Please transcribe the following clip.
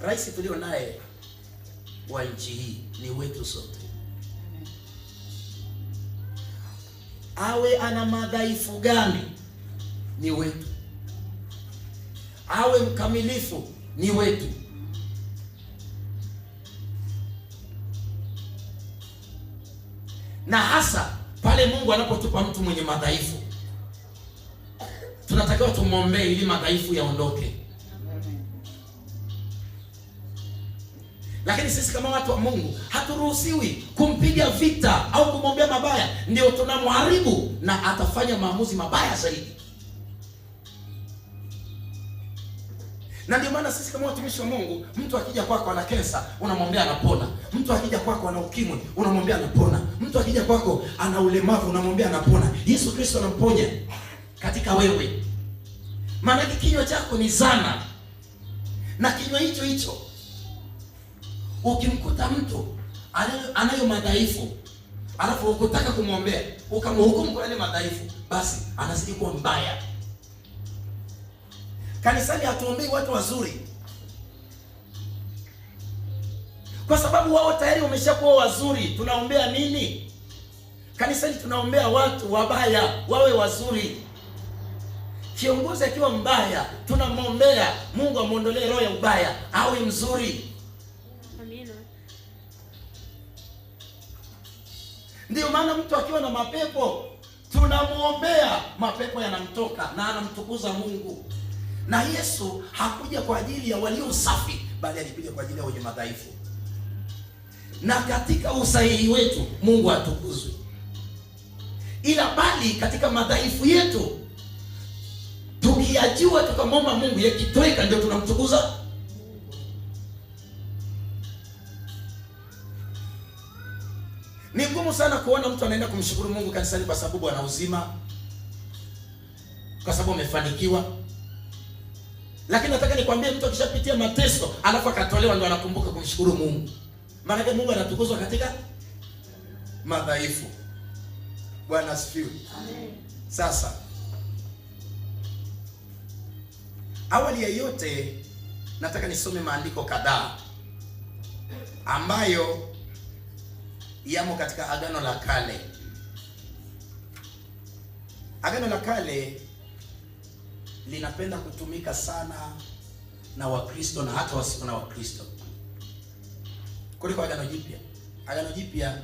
Rais tulio naye wa nchi hii ni wetu sote, awe ana madhaifu gani, ni wetu, awe mkamilifu, ni wetu. Na hasa pale Mungu anapotupa mtu mwenye madhaifu, tunatakiwa tumwombee ili madhaifu yaondoke. Lakini sisi kama watu wa Mungu haturuhusiwi kumpiga vita au kumwombea mabaya, ndio tunamharibu na atafanya maamuzi mabaya zaidi. Na ndio maana sisi kama watumishi wa Mungu, mtu akija kwako ana kesa unamwambia anapona. Mtu akija kwako ana ukimwi, unamwambia anapona. Mtu akija kwako ana ulemavu, unamwambia anapona. Yesu Kristo anamponya katika wewe, maanake kinywa chako ni zana na kinywa hicho hicho Ukimkuta mtu anayo madhaifu alafu ukutaka kumwombea ukamhukumu kwa yale madhaifu, basi anazidi kuwa mbaya. Kanisani hatuombei watu wazuri, kwa sababu wao tayari wameshakuwa wazuri. Tunaombea nini kanisani? Tunaombea watu wabaya wawe wazuri. Kiongozi akiwa mbaya, tunamwombea Mungu amwondolee roho ya ubaya, awe mzuri. Ndiyo maana mtu akiwa na mapepo tunamwombea, mapepo yanamtoka na anamtukuza Mungu. Na Yesu hakuja kwa ajili ya walio safi, bali alikuja kwa ajili ya wenye madhaifu. Na katika usahihi wetu Mungu atukuzwe, ila bali katika madhaifu yetu tukiyajua, tukamwomba Mungu yakitoweka, ndio tunamtukuza Ni ngumu sana kuona mtu anaenda kumshukuru Mungu kanisani kwa sababu ana uzima, kwa sababu amefanikiwa. Lakini nataka nikwambie, mtu akishapitia mateso alafu akatolewa, ndo anakumbuka kumshukuru Mungu. Maanake Mungu anatukuzwa katika madhaifu. Bwana asifiwe. Sasa awali ya yote nataka nisome maandiko kadhaa ambayo yamo katika Agano la Kale. Agano la Kale linapenda kutumika sana na Wakristo na hata wasio na Wakristo kuliko Agano Jipya. Agano Jipya